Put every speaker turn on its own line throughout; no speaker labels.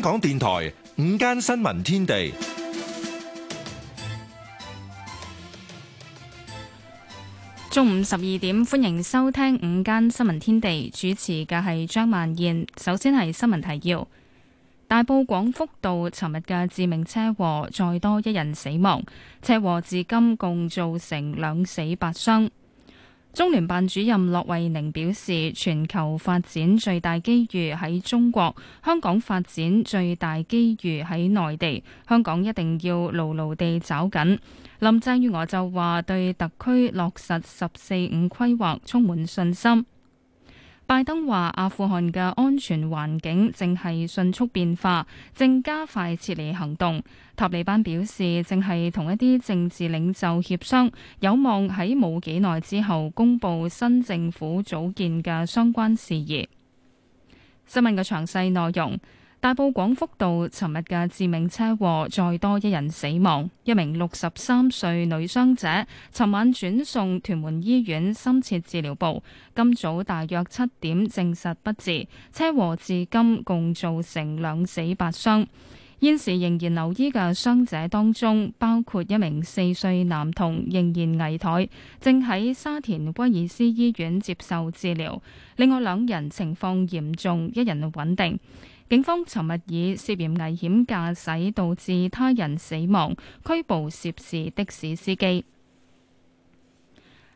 香港電台午間新聞天地，
中午十二點。歡迎收聽午間新聞天地，主持嘅係張萬燕。首先係新聞提要：大埔廣福道尋日嘅致命車禍，再多一人死亡，車禍至今共造成兩死八傷。中聯辦主任駱惠寧表示：全球發展最大機遇喺中國，香港發展最大機遇喺內地，香港一定要牢牢地抓緊。林鄭月娥就話：對特區落實十四五規劃充滿信心。拜登話：阿富汗嘅安全環境正係迅速變化，正加快撤離行動。塔利班表示正係同一啲政治領袖協商，有望喺冇幾耐之後公布新政府組建嘅相關事宜。新聞嘅詳細內容。大埔廣福道，尋日嘅致命車禍再多一人死亡，一名六十三歲女傷者，尋晚轉送屯門醫院深切治療部，今早大約七點證實不治。車禍至今共造成兩死八傷，現時仍然留醫嘅傷者當中，包括一名四歲男童仍然危殆，正喺沙田威爾斯醫院接受治療，另外兩人情況嚴重，一人穩定。警方尋日以涉嫌危險駕駛導致他人死亡，拘捕涉事的士司機。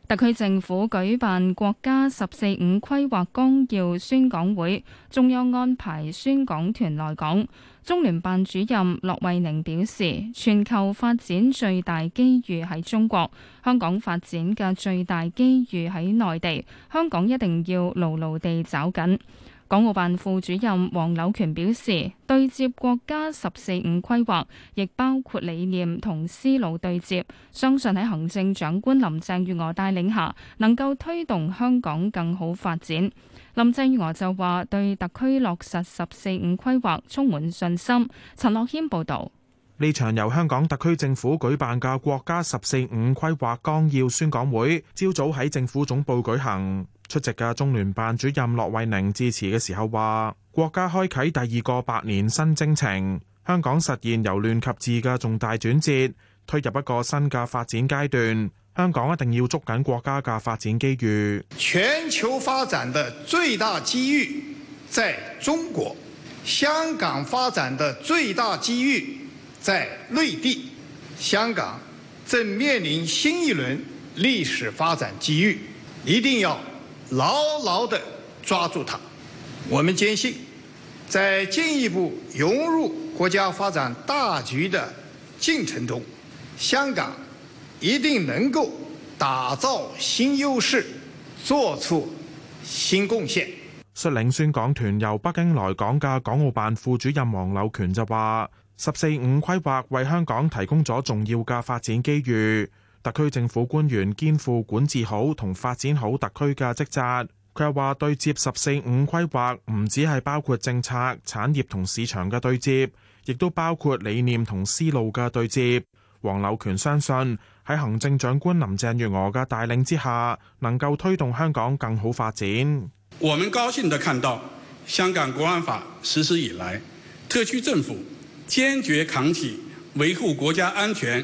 特區政府舉辦國家十四五規劃綱要宣講會，中央安排宣講團來港。中聯辦主任駱惠寧表示：全球發展最大機遇喺中國，香港發展嘅最大機遇喺內地，香港一定要牢牢地抓緊。港澳辦副主任黃柳權表示，對接國家十四五規劃，亦包括理念同思路對接，相信喺行政長官林鄭月娥帶領下，能夠推動香港更好發展。林鄭月娥就話，對特區落實十四五規劃充滿信心。陳樂謙報道，
呢場由香港特區政府舉辦嘅國家十四五規劃綱要宣講會，朝早喺政府總部舉行。出席嘅中聯辦主任駱惠寧致辭嘅時候話：國家開啟第二個百年新征程，香港實現由亂及治嘅重大轉折，推入一個新嘅發展階段。香港一定要捉緊國家嘅發展機遇。
全球發展的最大機遇在中國，香港發展的最大機遇在內地。香港正面臨新一輪歷史發展機遇，一定要。牢牢地抓住它。我們堅信，在進一步融入國家發展大
局的進程中，香港一定能夠打
造新優勢，做出新貢獻。率領宣講團由北京來港嘅港澳辦副主任王柳權就話，“十四五”規劃為香港提供咗重要嘅發展機遇。特區政府官員肩負管治好同發展好特區嘅職責。佢又話對接十四五規劃唔止係包括政策、產業同市場嘅對接，亦都包括理念同思路嘅對接。黃柳權相信喺行政長官林鄭月娥嘅帶領之下，能夠推動香港更好發展。
我們高興地看到，香港國安法實施以來，特區政府堅決扛起維護國家安全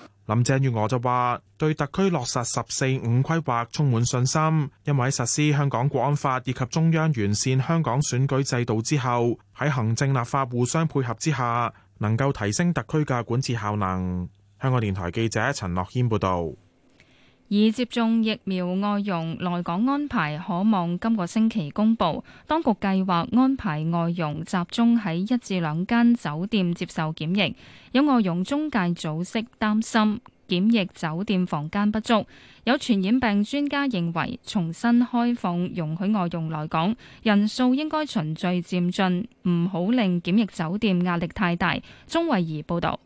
林鄭月娥就話：對特區落實十四五規劃充滿信心，因為實施香港國安法以及中央完善香港選舉制度之後，喺行政立法互相配合之下，能夠提升特區嘅管治效能。香港電台記者陳樂軒報導。
以接種疫苗外傭來港安排可望今個星期公布。當局計劃安排外傭集中喺一至兩間酒店接受檢疫。有外傭中介組織擔心檢疫酒店房間不足。有傳染病專家認為，重新開放容許外傭來港人數應該循序漸進，唔好令檢疫酒店壓力太大。鐘慧儀報道。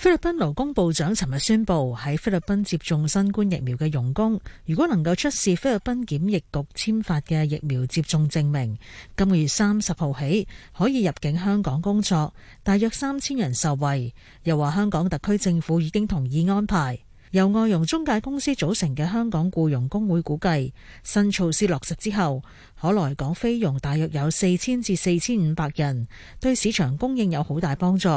菲律賓勞工部長尋日宣布，喺菲律賓接種新冠疫苗嘅傭工，如果能夠出示菲律賓檢疫局簽發嘅疫苗接種證明，今個月三十號起可以入境香港工作，大約三千人受惠。又話香港特區政府已經同意安排由外傭中介公司組成嘅香港僱傭工會估計，新措施落實之後，可來港非傭大約有四千至四千五百人，對市場供應有好大幫助。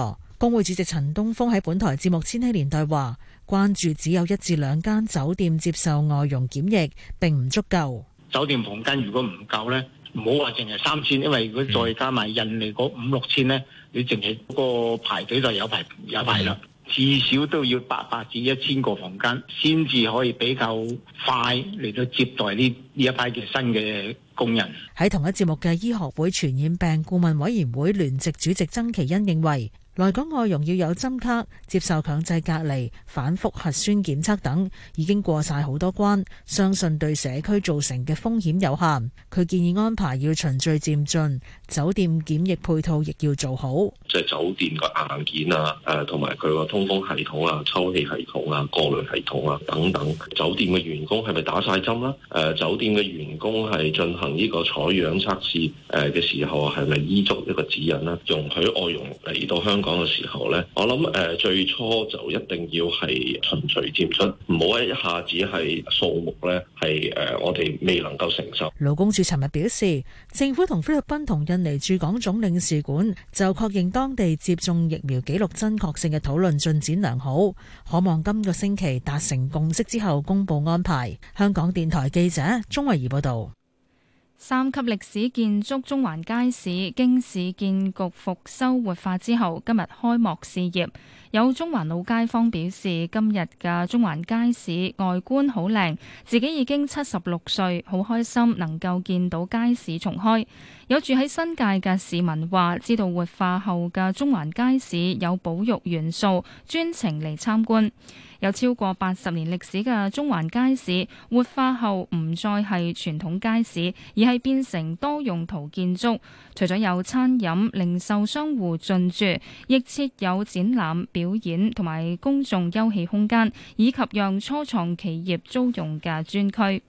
工會主席陳東峰喺本台節目《千禧年代》話，關注只有一至兩間酒店接受外傭檢疫，並唔足夠。
酒店房間如果唔夠呢，唔好話淨係三千，因為如果再加埋印尼嗰五六千呢，你淨係嗰個排隊就有排有排啦。至少都要八百至一千個房間，先至可以比較快嚟到接待呢呢一批嘅新嘅工人。
喺同一節目嘅醫學會傳染病顧問委員會聯席主席曾祈殷認為。來港外傭要有針卡、接受強制隔離、反覆核酸檢測等，已經過晒好多關，相信對社區造成嘅風險有限。佢建議安排要循序漸進，酒店檢疫配套亦要做好。即
係酒店個硬件啊，誒同埋佢個通風系統啊、抽氣系統啊、過濾系統啊等等。酒店嘅員工係咪打晒針啦、啊？誒、呃，酒店嘅員工係進行呢個採樣測試誒嘅時候係咪依足一個指引啦、啊？容許外傭嚟到香港，嗰個時候咧，我諗誒最初就一定要係循序漸進，唔好一下子係數目呢係誒我哋未能夠承受。
勞工處尋日表示，政府同菲律賓同印尼駐港總領事館就確認當地接種疫苗記錄真確性嘅討論進展良好，可望今個星期達成共識之後公佈安排。香港電台記者鍾慧儀報道。
三級歷史建築中環街市經市建局復修活化之後，今日開幕試業。有中環老街坊表示，今日嘅中環街市外觀好靚，自己已經七十六歲，好開心能夠見到街市重開。有住喺新界嘅市民話，知道活化後嘅中環街市有保育元素，專程嚟參觀。有超過八十年歷史嘅中環街市，活化後，唔再係傳統街市，而係變成多用途建築。除咗有餐飲、零售商戶進駐，亦設有展覽、表演同埋公眾休憩空間，以及讓初創企業租用嘅專區。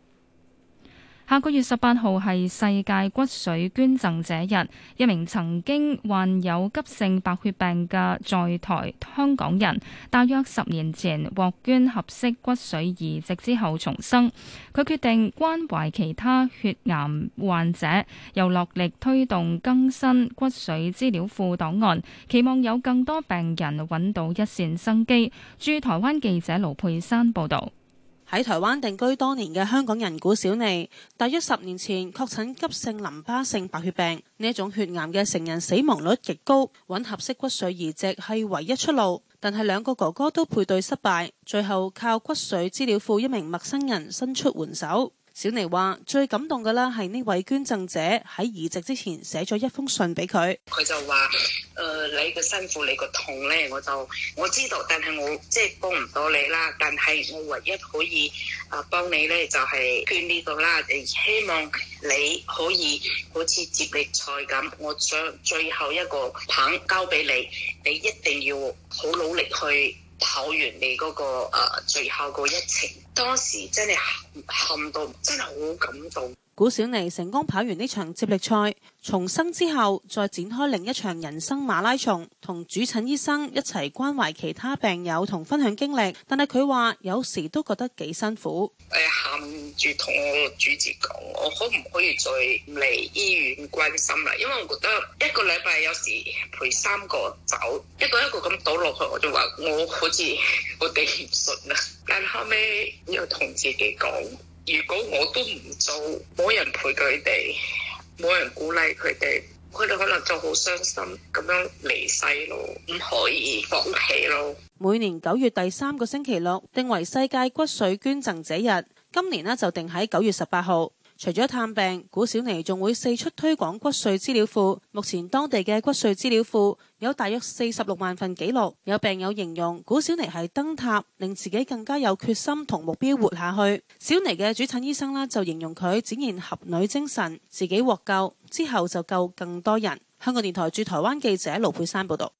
下個月十八號係世界骨髓捐贈者日，一名曾經患有急性白血病嘅在台香港人，大約十年前獲捐合適骨髓移植之後重生。佢決定關懷其他血癌患者，又落力推動更新骨髓資料庫檔案，期望有更多病人揾到一線生機。駐台灣記者盧佩珊報導。喺台灣定居多年嘅香港人古小妮，大約十年前確
診急性淋巴性白血病，呢一種血癌嘅成人死亡率極高，揾合適骨髓移植係唯一出路，但係兩個哥哥都配對失敗，最後靠骨髓資料庫一名陌生人伸出援手。小妮話最感動嘅啦係呢位捐贈者喺移植之前寫咗一封信俾佢，
佢就話：誒、呃，你嘅辛苦，你嘅痛咧，我就我知道，但係我即係幫唔到你啦。但係我
唯一可以啊幫你咧，就係捐呢度啦。希望你可以好似接力賽咁，我將最後一個棒交俾你，你一定要好努力去跑完你嗰、那個誒、啊、最後
嗰一程。當時真係喊喊到，真係好感動。
古小妮成功跑完呢場接力賽，重生之後再展開另一場人生馬拉松，同主診醫生一齊關懷其他病友同分享經歷。但係佢話有時都覺得幾辛苦，
誒、哎，喊住同我主治講，我可唔可以
再嚟醫院關心啦？因為我覺得一個禮拜有時陪三個走，一個一個咁倒落去，我就話我好似我頂唔順啊，但
後尾又同自己講。如果我都唔做，冇人陪佢哋，冇人鼓勵佢哋，佢哋可能
就好傷心咁樣離世咯，唔可以放
棄咯。每年九月第三個星期六定為世界骨髓捐贈者日，今年呢就定喺九月十八號。除咗探病，古小妮仲會四出推廣骨髓資料庫。目前當地嘅骨髓資料庫有大約四十六萬份記錄，有病友形容古小妮係燈塔，令自己更加有決心同目標活下去。小妮嘅主診醫生啦，就形容佢展現俠女精神，自己獲救之後就救更多人。香港電台駐台灣記者盧佩山報道。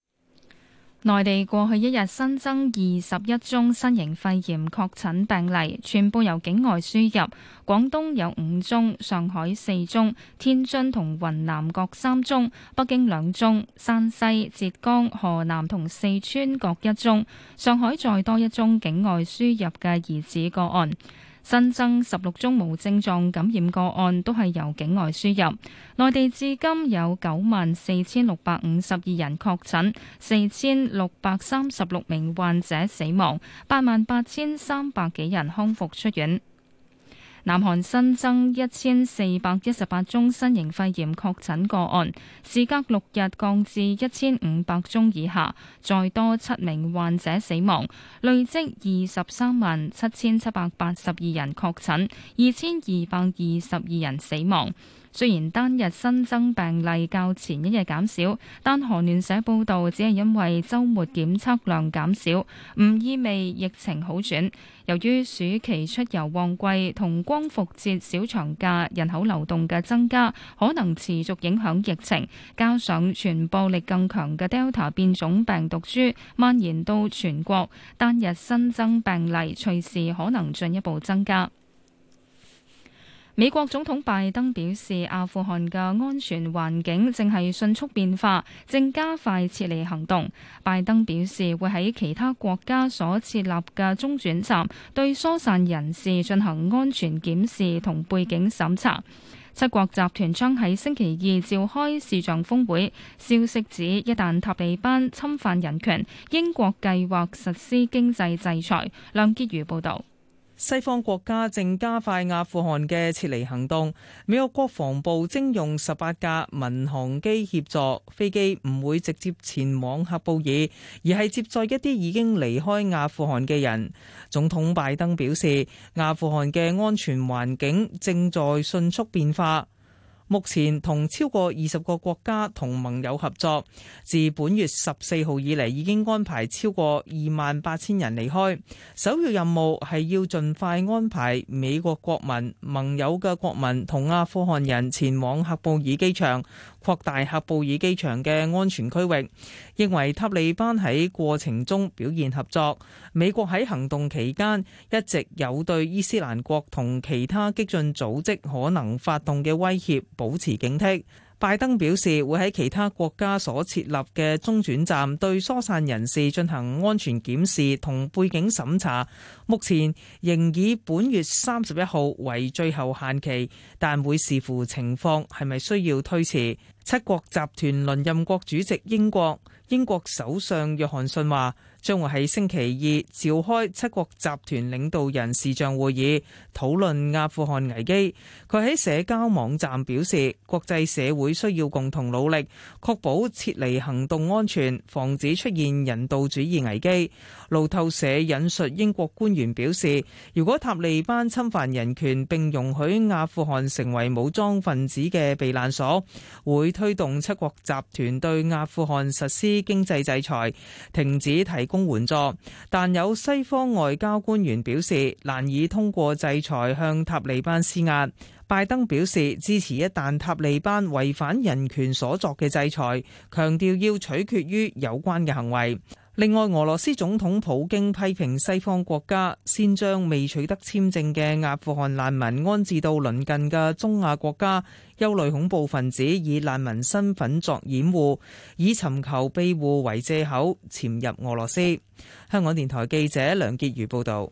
內地過去一日新增二十一宗新型肺炎確診病例，全部由境外輸入。廣東有五宗，上海四宗，天津同雲南各三宗，北京兩宗，山西、浙江、河南同四川各一宗。上海再多一宗境外輸入嘅疑似個案。新增十六宗無症狀感染個案，都係由境外輸入。內地至今有九萬四千六百五十二人確診，四千六百三十六名患者死亡，八萬八千三百幾人康復出院。南韓新增一千四百一十八宗新型肺炎確診個案，事隔六日降至一千五百宗以下，再多七名患者死亡，累積二十三萬七千七百八十二人確診，二千二百二十二人死亡。雖然單日新增病例較前一日減少，但韓聯社報導只係因為週末檢測量減少，唔意味疫情好轉。由於暑期出遊旺季同光復節小長假人口流動嘅增加，可能持續影響疫情，加上傳播力更強嘅 Delta 變種病毒株蔓延到全國，單日新增病例隨時可能進一步增加。美國總統拜登表示，阿富汗嘅安全環境正係迅速變化，正加快撤離行動。拜登表示會喺其他國家所設立嘅中轉站，對疏散人士進行安全檢視同背景審查。七國集團將喺星期二召開視像峰會。消息指，一旦塔利班侵犯人權，英國計劃實施經濟制裁。梁潔如報道。
西方國家正加快阿富汗嘅撤離行動。美國國防部徵用十八架民航機協助，飛機唔會直接前往喀布爾，而係接載一啲已經離開阿富汗嘅人。總統拜登表示，阿富汗嘅安全環境正在迅速變化。目前同超過二十個國家同盟友合作，自本月十四號以嚟已經安排超過二萬八千人離開。首要任務係要盡快安排美國國民、盟友嘅國民同阿富汗人前往喀布爾機場，擴大喀布爾機場嘅安全區域。認為塔利班喺過程中表現合作，美國喺行動期間一直有對伊斯蘭國同其他激進組織可能發動嘅威脅保持警惕。拜登表示會喺其他國家所設立嘅中轉站對疏散人士進行安全檢視同背景審查。目前仍以本月三十一號為最後限期，但會視乎情況係咪需要推遲。七國集團輪任國主席英國，英國首相約翰遜話將會喺星期二召開七國集團領導人視像會議，討論阿富汗危機。佢喺社交網站表示，國際社會需要共同努力，確保撤離行動安全，防止出現人道主義危機。路透社引述英國官員。表示，如果塔利班侵犯人權並容許阿富汗成為武裝分子嘅避難所，會推動七國集團對阿富汗實施經濟制裁，停止提供援助。但有西方外交官員表示，難以通過制裁向塔利班施壓，拜登表示支持，一旦塔利班違反人權所作嘅制裁，強調要取決於有關嘅行為。另外，俄羅斯總統普京批評西方國家先將未取得簽證嘅阿富汗難民安置到鄰近嘅中亞國家，憂慮恐怖分子以難民身份作掩護，以尋求庇護為藉口潛入俄羅斯。香港電台記者梁潔如報導。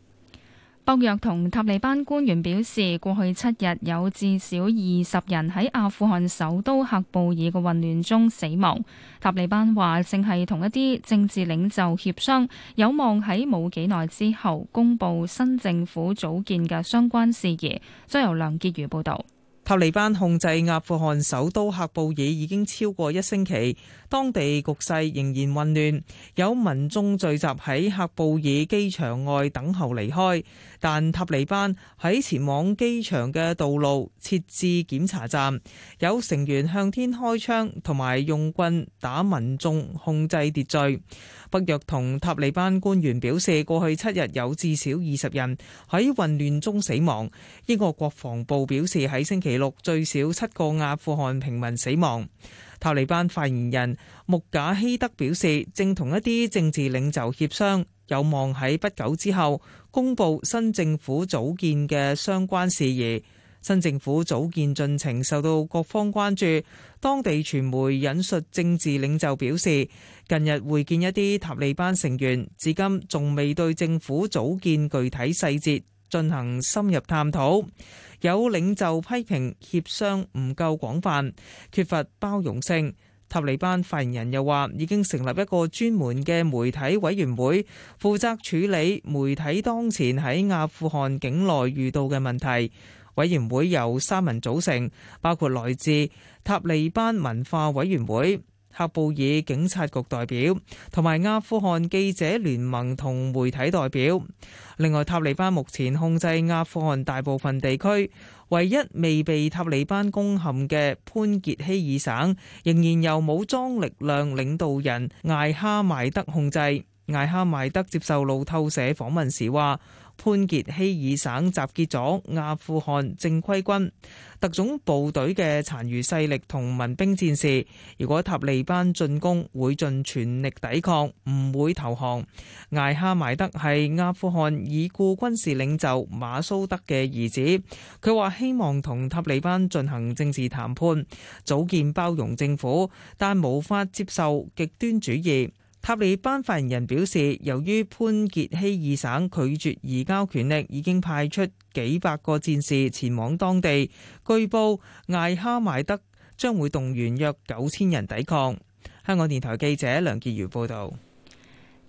北約同塔利班官員表示，過去七日有至少二十人喺阿富汗首都喀布爾嘅混亂中死亡。塔利班話正係同一啲政治領袖協商，有望喺冇幾耐之後公布新政府組建嘅相關事宜。將由梁潔如報導。
塔利班控制阿富汗首都喀布爾已經超過一星期，當地局勢仍然混亂，有民眾聚集喺喀布爾機場外等候離開，但塔利班喺前往機場嘅道路設置檢查站，有成員向天開槍同埋用棍打民眾控制秩序。北約同塔利班官員表示，過去七日有至少二十人喺混亂中死亡。英國國防部表示，喺星期六最少七個阿富汗平民死亡。塔利班發言人穆賈希德表示，正同一啲政治領袖協商，有望喺不久之後公布新政府組建嘅相關事宜。新政府組建進程受到各方關注，當地傳媒引述政治領袖表示，近日會見一啲塔利班成員，至今仲未對政府組建具體細節進行深入探討，有領袖批評協商唔夠廣泛，缺乏包容性。塔利班發言人又話，已經成立一個專門嘅媒體委員會，負責處理媒體當前喺阿富汗境內遇到嘅問題。委員會由三人組成，包括來自塔利班文化委員會、喀布爾警察局代表，同埋阿富汗記者聯盟同媒體代表。另外，塔利班目前控制阿富汗大部分地區，唯一未被塔利班攻陷嘅潘傑希爾省，仍然由武裝力量領導人艾哈邁德控制。艾哈邁德接受路透社訪問時話：潘傑希爾省集結咗阿富汗正規軍特種部隊嘅殘餘勢力同民兵戰士。如果塔利班進攻，會盡全力抵抗，唔會投降。艾哈邁德係阿富汗已故軍事領袖馬蘇德嘅兒子，佢話希望同塔利班進行政治談判，組建包容政府，但無法接受極端主義。塔利班發言人，人表示，由於潘傑希爾省拒絕移交權力，已經派出幾百個戰士前往當地。據報，艾哈邁德將會動員約九千人抵抗。香港電台記者梁潔如報道。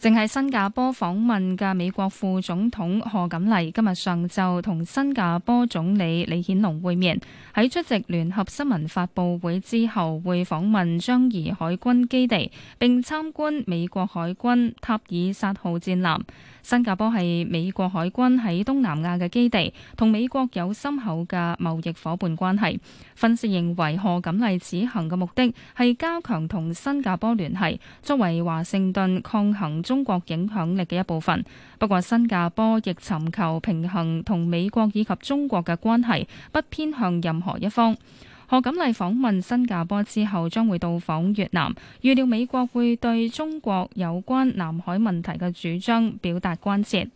正喺新加坡訪問嘅美國副總統賀錦麗今日上晝同新加坡總理李顯龍會面，喺出席聯合新聞發布會之後，會訪問樟宜海軍基地，並參觀美國海軍塔爾薩號戰艦。新加坡係美國海軍喺東南亞嘅基地，同美國有深厚嘅貿易伙伴關係。分析認為，賀錦麗此行嘅目的係加強同新加坡聯繫，作為華盛頓抗衡中國影響力嘅一部分。不過，新加坡亦尋求平衡同美國以及中國嘅關係，不偏向任何一方。何錦麗訪問新加坡之後，將會到訪越南。預料美國會對中國有關南海問題嘅主張表達關切。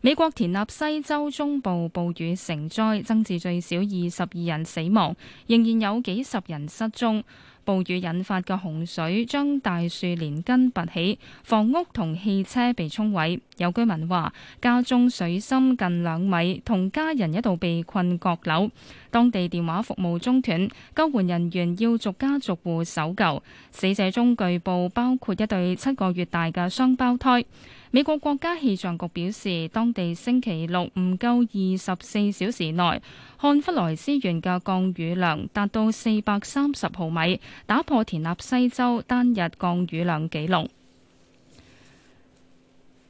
美國田納西州中部暴雨成災，增至最少二十二人死亡，仍然有幾十人失蹤。暴雨引發嘅洪水將大樹連根拔起，房屋同汽車被沖毀。有居民話，家中水深近兩米，同家人一度被困閣樓。當地電話服務中斷，救援人員要逐家逐戶搜救。死者中據報包括一對七個月大嘅雙胞胎。美國國家氣象局表示，當地星期六唔夠二十四小時內，漢弗萊斯縣嘅降雨量達到四百三十毫米，打破田納西州單日降雨量紀錄。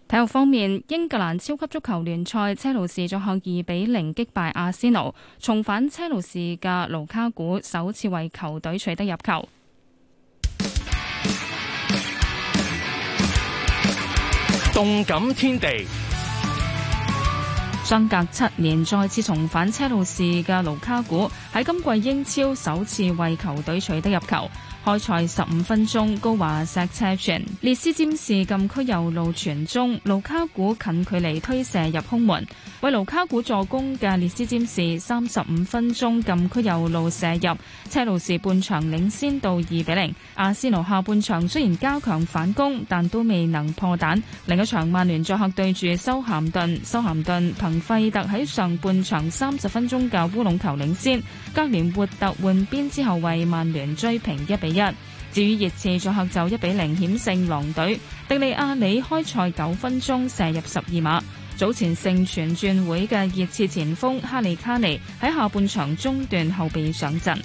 體育方面，英格蘭超級足球聯賽車路士作客二比零擊敗阿仙奴，重返車路士嘅盧卡古首次為球隊取得入球。動感天地，相隔七年再次重返車路士嘅盧卡古喺今季英超首次為球隊取得入球。開賽十五分鐘，高華石車傳，列斯占士禁區右路傳中，盧卡古近距離推射入空門，為盧卡古助攻嘅列斯占士三十五分鐘禁區右路射入，車路士半場領先到二比零。阿仙奴下半場雖然加強反攻，但都未能破蛋。另一場曼聯作客對住修咸頓，修咸頓憑費特喺上半場三十分鐘嘅烏龍球領先，格連活特換邊之後為曼聯追平一比一。一至於熱刺作客就一比零險勝狼隊，迪利亞里開賽九分鐘射入十二碼。早前盛傳轉會嘅熱刺前鋒哈利卡尼喺下半場中段後備上陣。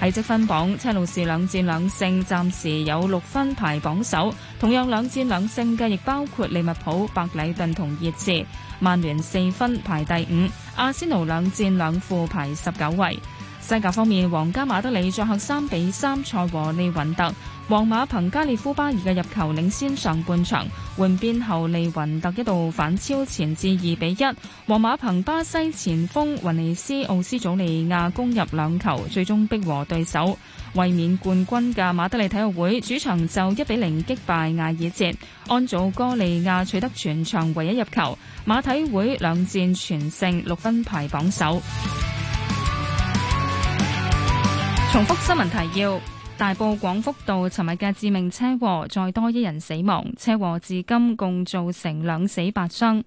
喺積分榜，車路士兩戰兩勝，暫時有六分排榜首。同樣兩戰兩勝嘅，亦包括利物浦、白禮頓同熱刺。曼聯四分排第五，阿仙奴兩戰兩負排十九位。西甲方面，皇家馬德里作客三比三賽和利雲特，皇馬憑加利夫巴爾嘅入球領先上半場，換邊後利雲特一度反超前至二比一，皇馬憑巴西前鋒雲尼斯奧斯斯祖利亞攻入兩球，最終逼和對手。衛冕冠軍嘅馬德里體育會主場就一比零擊敗艾爾切，安祖哥利亞取得全場唯一入球，馬體會兩戰全勝六分排榜首。重複新聞提要：大埔廣福道，尋日嘅致命車禍再多一人死亡，車禍至今共造成兩死八傷。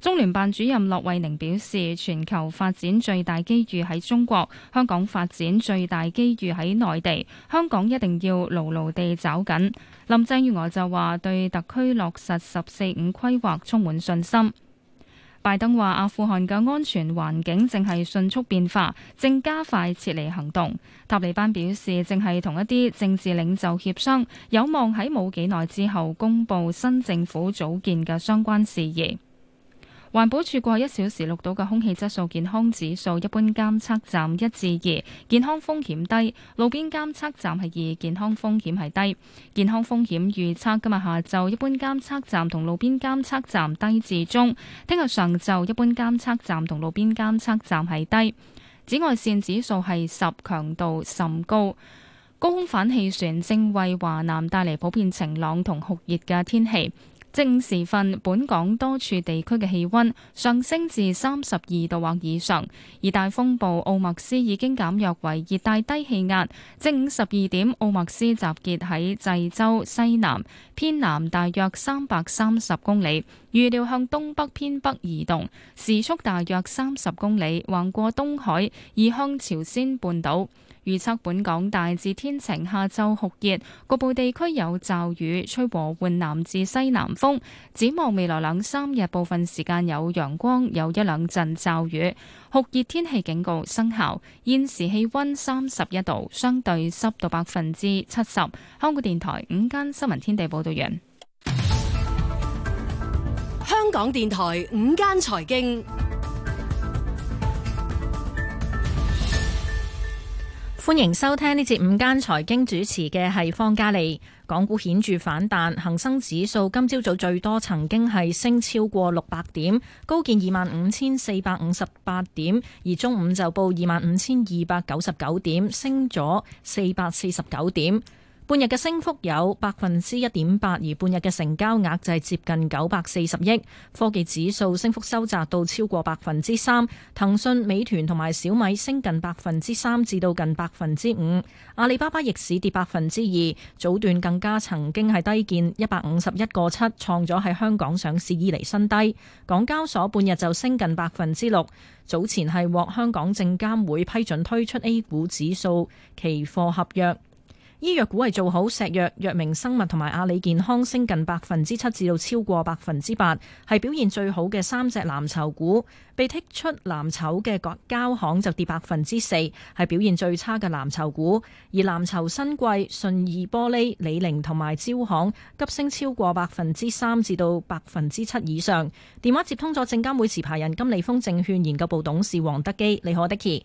中聯辦主任駱惠寧表示，全球發展最大機遇喺中國，香港發展最大機遇喺內地，香港一定要牢牢地找緊。林鄭月娥就話，對特區落實十四五規劃充滿信心。拜登話：阿富汗嘅安全環境正係迅速變化，正加快撤離行動。塔利班表示正係同一啲政治領袖協商，有望喺冇幾耐之後公布新政府組建嘅相關事宜。環保署過去，一小時錄到嘅空氣質素健康指數，一般監測站一至二，健康風險低；路邊監測站係二，健康風險係低。健康風險預測今日下晝，一般監測站同路邊監測站低至中；聽日上晝，一般監測站同路邊監測站係低。紫外線指數係十，強度甚高。高空反氣旋正為華南帶嚟普遍晴朗同酷熱嘅天氣。正午時分，本港多處地區嘅氣溫上升至三十二度或以上。熱帶風暴奧麥斯已經減弱為熱帶低氣壓。正午十二點，奧麥斯集結喺濟州西南偏南大約三百三十公里，預料向東北偏北移動，時速大約三十公里，橫過東海，移向朝鮮半島。預測本港大致天晴，下晝酷熱，局部地區有驟雨，吹和緩南至西南風。展望未來兩三日，部分時間有陽光，有一兩陣驟雨。酷熱天氣警告生效。現時氣溫三十一度，相對濕度百分之七十。香港電台午間新聞天地報道員。香港電台午間財經。
歡迎收聽呢節午間財經主持嘅係方嘉利。港股顯著反彈，恒生指數今朝早,早最多曾經係升超過六百點，高見二萬五千四百五十八點，而中午就報二萬五千二百九十九點，升咗四百四十九點。半日嘅升幅有百分之一點八，而半日嘅成交額就係接近九百四十億。科技指數升幅收窄到超過百分之三，騰訊、美團同埋小米升近百分之三至到近百分之五。阿里巴巴逆市跌百分之二，早段更加曾經係低見一百五十一個七，創咗喺香港上市以嚟新低。港交所半日就升近百分之六，早前係獲香港證監會批准推出 A 股指數期貨合約。醫藥股係做好，石藥、藥明生物同埋阿里健康升近百分之七至到超過百分之八，係表現最好嘅三隻藍籌股。被剔出藍籌嘅交行就跌百分之四，係表現最差嘅藍籌股。而藍籌新貴、信義玻璃、李寧同埋招行急升超過百分之三至到百分之七以上。電話接通咗證監會持牌人金利豐證券研究部董事黃德基，你好，Dicky。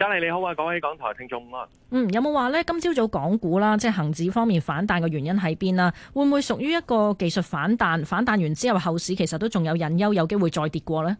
嘉麗你好啊，各位港台聽眾
啊，嗯，有冇話呢？今朝早港股啦，即係恒指方面反彈嘅原因喺邊啊？會唔會屬於一個技術反彈？反彈完之後後市其實都仲有隱憂，有機會再跌過咧？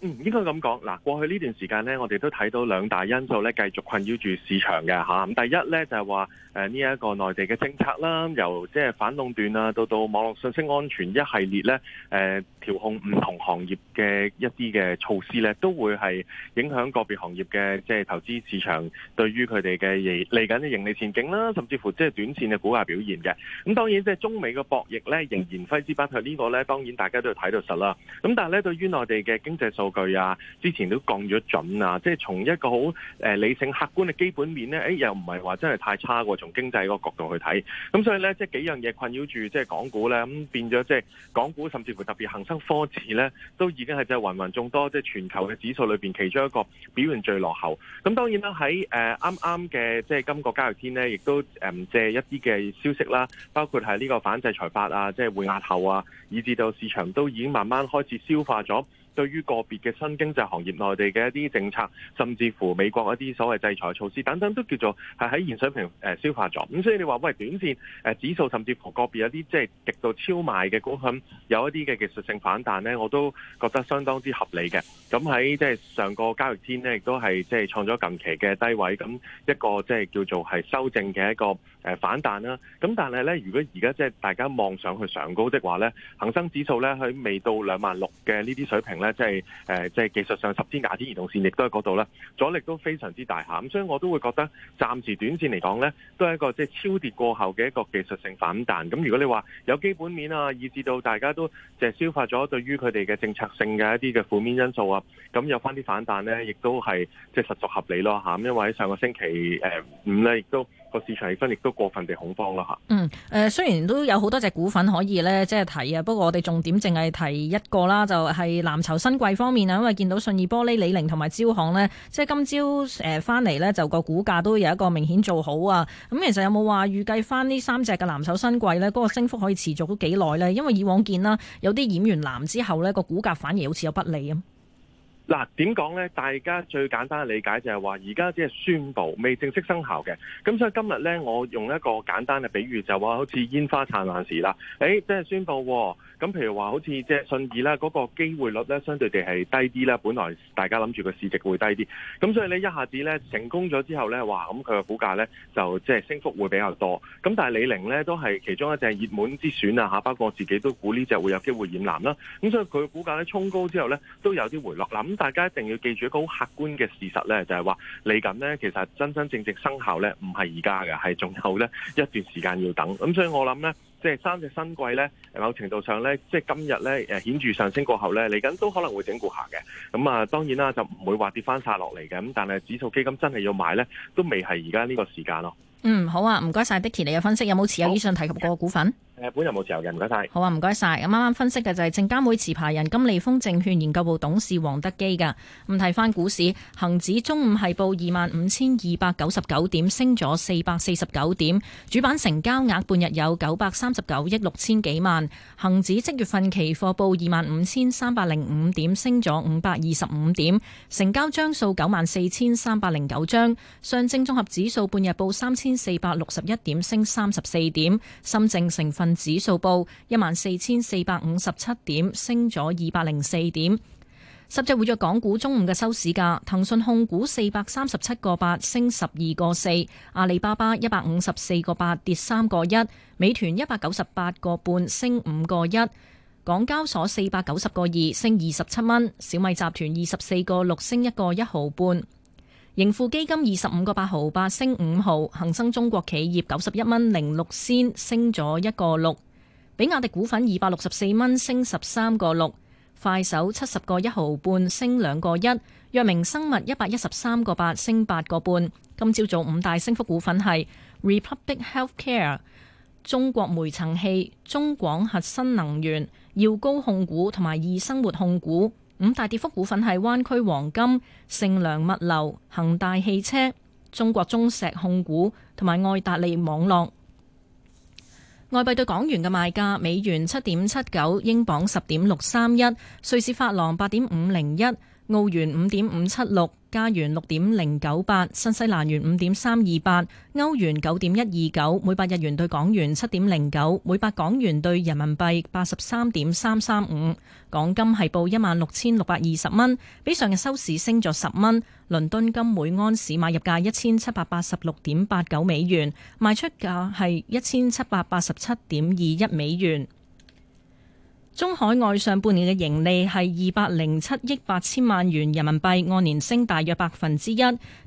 嗯，應該咁講嗱。過去呢段時間呢，我哋都睇到兩大因素咧，繼續困擾住市場嘅嚇。咁第一咧就係、是、話，誒呢一個內地嘅政策啦，由即係反壟斷啊，到到網絡信息安全一系列咧，誒、呃、調控唔同行業嘅一啲嘅措施咧，都會係影響個別行業嘅即係投資市場對於佢哋嘅利嚟緊嘅盈利前景啦，甚至乎即係短線嘅股價表現嘅。咁、嗯、當然即係中美嘅博弈咧，仍然揮之不去。這個、呢個咧當然大家都睇到實啦。咁但係咧對於內地嘅經濟數數據啊，之前都降咗準啊，即係從一個好誒理性客觀嘅基本面咧，誒又唔係話真係太差嘅、啊。從經濟嗰個角度去睇，咁、嗯、所以咧即係幾樣嘢困擾住即係港股咧，咁、嗯、變咗即係港股甚至乎特別恒生科指咧，都已經係即係芸芸眾多即係全球嘅指數裏邊其中一個表現最落後。咁、嗯、當然啦，喺誒啱啱嘅即係今個交易天呢，亦都誒借一啲嘅消息啦，包括係呢個反制裁法啊，即係會押後啊，以至到市場都已經慢慢開始消化咗。對於個別嘅新經濟行業內地嘅一啲政策，甚至乎美國一啲所謂制裁措施等等，都叫做係喺現水平誒消化咗。咁所以你話喂，短線誒、呃、指數，甚至乎個別有一啲即係極度超賣嘅股份，有一啲嘅技術性反彈呢，我都覺得相當之合理嘅。咁喺即係上個交易天呢，亦都係即係創咗近期嘅低位，咁一個即係叫做係修正嘅一個誒反彈啦、啊。咁但係呢，如果而家即係大家望上去上高嘅話呢，恆生指數呢，佢未到兩萬六嘅呢啲水平呢。即係誒，即係技術上十天、廿天移動線，亦都喺嗰度啦，阻力都非常之大吓。咁所以我都會覺得，暫時短線嚟講咧，都係一個即係超跌過後嘅一個技術性反彈。咁如果你話有基本面啊，以至到大家都即係消化咗對於佢哋嘅政策性嘅一啲嘅負面因素啊，咁有翻啲反彈咧，亦都係即係實屬合理咯吓。咁因為喺上個星期誒五咧，亦都。個市場亦都過分地恐慌啦，吓
嗯誒、呃，雖然都有好多隻股份可以咧，即係睇啊。不過我哋重點淨係提一個啦，就係、是、藍籌新貴方面啊，因為見到信義玻璃、李寧同埋招行呢，即係今朝誒翻嚟呢，就個股價都有一個明顯做好啊。咁、嗯、其實有冇話預計翻呢三隻嘅藍籌新貴呢？嗰、那個升幅可以持續到幾耐呢？因為以往見啦，有啲染完藍之後呢，個股價反而好似有不利咁、啊。
嗱點講呢？大家最簡單嘅理解就係話，而家只係宣布，未正式生效嘅。咁所以今日呢，我用一個簡單嘅比喻，就話好似煙花燦爛時啦。誒、欸，即係宣布。咁譬如話，好似即係信義咧，嗰個機會率呢，相對地係低啲咧。本來大家諗住個市值會低啲，咁所以呢，一下子呢成功咗之後呢，哇！咁佢嘅股價呢，就即係升幅會比較多。咁但係李寧呢，都係其中一隻熱門之選啊！嚇，包括我自己都估呢隻會有機會染藍啦。咁所以佢嘅股價呢，衝高之後呢，都有啲回落。嗱大家一定要記住一個好客觀嘅事實咧，就係話嚟緊咧，其實真真正正生效咧，唔係而家嘅，係仲有咧一段時間要等。咁所以我諗咧，即係三隻新貴咧，某程度上咧，即係今日咧誒顯著上升過後咧，嚟緊都可能會整固下嘅。咁啊，當然啦，就唔會話跌翻晒落嚟嘅。咁但係指數基金真係要買咧，都未係而家呢個時間咯。
嗯，好啊，唔該晒。Dicky 你嘅分析有冇持有以上提及嗰個股份？
日本有
冇自由人，唔該晒。好啊，唔該晒。咁啱啱分析嘅就係證監會持牌人金利豐證券研究部董事黃德基噶。咁提翻股市，恒指中午係報二萬五千二百九十九點，升咗四百四十九點。主板成交額，額半日有九百三十九億六千幾萬。恒指即月份期貨報二萬五千三百零五點，升咗五百二十五點。成交張數九萬四千三百零九張。上證綜合指數半日報三千四百六十一點，升三十四點。深證成分指數報一萬四千四百五十七點，升咗二百零四點。十隻活躍港股中午嘅收市價，騰訊控股四百三十七個八，升十二個四；阿里巴巴一百五十四個八，跌三個一；美團一百九十八個半，升五個一；港交所四百九十個二，升二十七蚊；小米集團二十四個六，升一個一毫半。盈富基金二十五個八毫八，升五毫，恒生中國企業九十一蚊零六仙，升咗一個六，比亞迪股份二百六十四蚊，升十三個六，快手七十個一毫半，升兩個一，藥明生物一百一十三個八，升八個半。今朝早五大升幅股份係 Republic Healthcare、中國煤層氣、中廣核新能源、耀高控股同埋易生活控股。五大跌幅股份係灣區黃金、盛良物流、恒大汽車、中國中石控股同埋愛達利網絡。外幣對港元嘅賣價：美元七點七九，英鎊十點六三一，瑞士法郎八點五零一，澳元五點五七六。加元六點零九八，8, 新西蘭元五點三二八，歐元九點一二九，每百日元對港元七點零九，每百港元對人民幣八十三點三三五。港金係報一萬六千六百二十蚊，比上日收市升咗十蚊。倫敦金每安士買入價一千七百八十六點八九美元，賣出價係一千七百八十七點二一美元。中海外上半年嘅盈利係二百零七億八千萬元人民幣，按年升大約百分之一。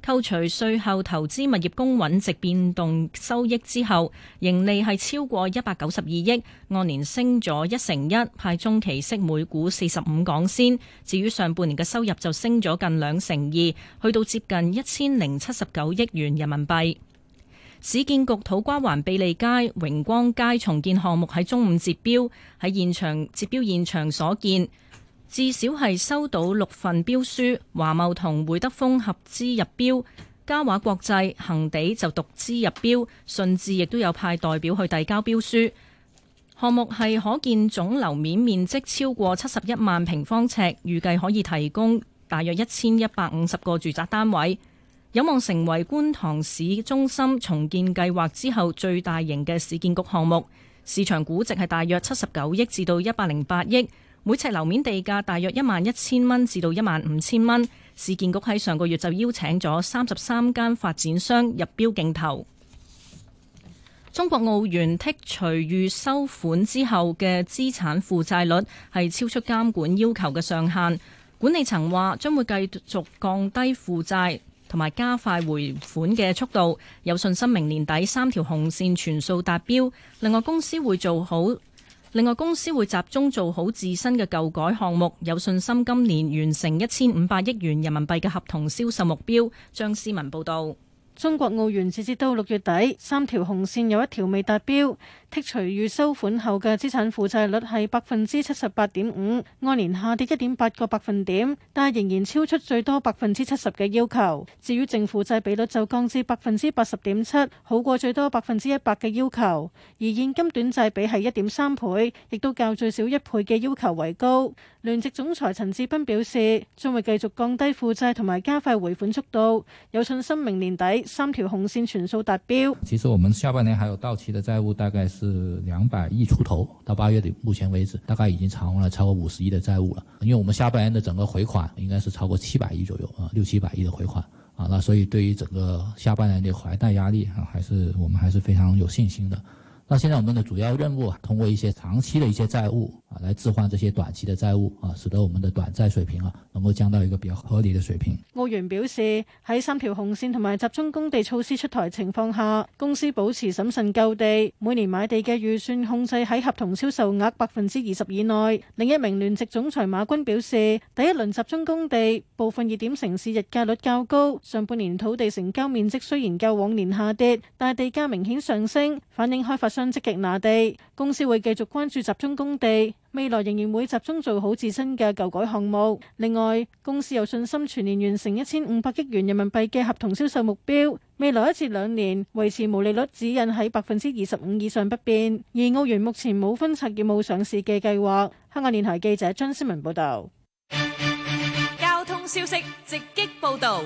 扣除稅後投資物業公允值變動收益之後，盈利係超過一百九十二億，按年升咗一成一，派中期息每股四十五港仙。至於上半年嘅收入就升咗近兩成二，去到接近一千零七十九億元人民幣。市建局土瓜灣庇利街榮光街重建項目喺中午截標，喺現場截標現場所見，至少係收到六份標書，華懋同會德豐合資入標，嘉華國際、恒地就獨資入標，信置亦都有派代表去遞交標書。項目係可建總樓面面積超過七十一萬平方尺，預計可以提供大約一千一百五十個住宅單位。有望成為觀塘市中心重建計劃之後最大型嘅市建局項目，市場估值係大約七十九億至到一百零八億，每尺樓面地價大約一萬一千蚊至到一萬五千蚊。市建局喺上個月就邀請咗三十三間發展商入標競投。中國奧園剔除預收款之後嘅資產負債率係超出監管要求嘅上限，管理層話將會繼續降低負債。同埋加快回款嘅速度，有信心明年底三條紅線全數達標，另外公司會做好，另外公司會集中做好自身嘅舊改項目，有信心今年完成一千五百億元人民幣嘅合同銷售目標，張思文報道。中國奧園
截至到六月底，三條紅線有一條未達標。剔除預收款後嘅資產負債率係百分之七十八點五，按年下跌一點八個百分點，但係仍然超出最多百分之七十嘅要求。至於淨負債比率就降至百分之八十點七，好過最多百分之一百嘅要求。而現金短債比係一點三倍，亦都較最少一倍嘅要求為高。聯席總裁陳志斌表示，將會繼續降低負債同埋加快回款速度，有信心明年底。三條紅線全數達標。
其實我們下半年還有到期的債務，大概是兩百億出頭。
到八月底，目前為止，大概已經償還了超過五十億的債務了。因為我們下半年的整個回款應該是超過七百億左右啊，六七百億的回款啊。那所以對於整個下半年的還
貸壓力啊，還是我們還是非常有信心的。那現在我們的主要任務啊，通過一些長期的一些債務啊，來置換這些短期的債務啊，使得我們的短債水平啊，能夠降
到一個比較合理的水平。澳元表示，喺三條紅線同埋集中供地措施出台情況下，公司保持審慎購地，每年買地嘅預算控制喺合同銷售額百分之二十以內。另一名聯席總裁馬軍表示，第一輪集中供地部分熱點城市溢價率較高，上半年土地成交面積雖然較往年下跌，但地價明顯上升，反映開發商，將積極拿地，公司會繼續關注集中供地，未來仍然會集中做好自身嘅舊改項目。另外，公司有信心全年完成一千五百億元人民幣嘅合同銷售目標。未來一至兩年維持毛利率指引喺百分之二十五以上不變。而澳元目前冇分拆業務上市嘅計劃。香港電台記者張思文報道。
交通消息直擊報道。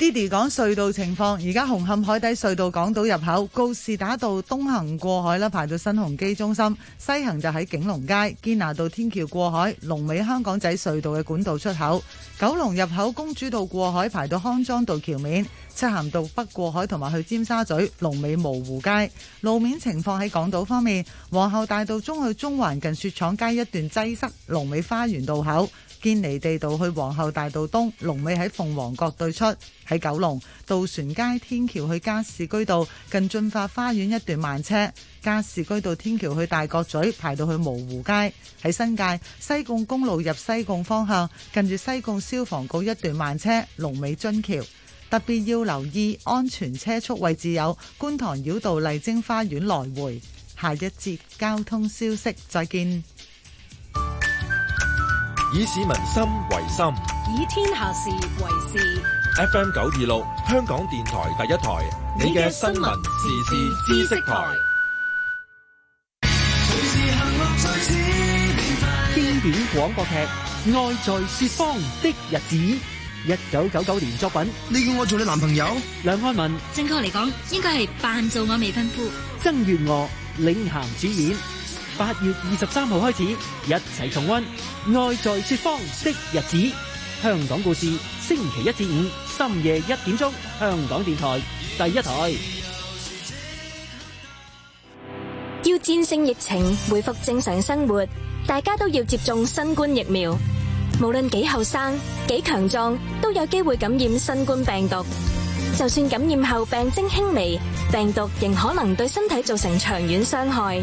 滴滴講隧道情
況，而家紅磡海底隧道港島入口告士打道東行過海啦，排到新鴻基中心；西行就喺景隆街堅拿道天橋過海，龍尾香港仔隧道嘅管道出口；九龍入口公主道過海排到康莊道橋面，漆咸道北過海同埋去尖沙咀龍尾蕪湖街。路面情況喺港島方面，皇后大道中去中環近雪廠街一段擠塞，龍尾花園道口。堅尼地道去皇后大道東，龍尾喺鳳凰角對出，喺九龍渡船街天橋去加士居道，近駿發花園一段慢車；加士居道天橋去大角咀，排到去蕪湖街，喺新界西貢公路入西貢方向，近住西貢消防局一段慢車，龍尾津橋。特別要留意安全車速位置有觀塘繞道麗晶花園來回。下一節交通消息，再見。
以市民心為心，
以天下事為事。
FM 九二六，香港電台第一台，你嘅新聞時事知識台。經典廣播劇《愛在四方》的日子，一九九九年作品。你叫我做你男朋友，梁漢文。
正確嚟講，應該係扮做我未婚夫。
曾月娥領銜主
演。8月23號開始，一齊重溫《愛在雪荒的日子》香港故事。星期一至五深夜1點鐘，香港電台第一台。
要戰勝疫情，恢復正常生活，大家都要接種新冠疫苗。無論幾後生，幾強壯，都有機會感染新冠病毒。就算感染後病徵輕微，病毒仍可能對身體造成長遠傷害。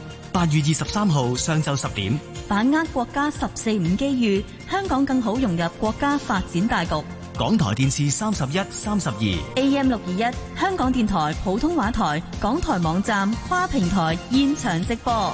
八月二十三號上晝十點，把握國家十四五機遇，香港更好融入國家發展大局。
港台電視三十一、
三十二，AM 六二一，香港電台普通話台，港台網站，跨平台現場直播。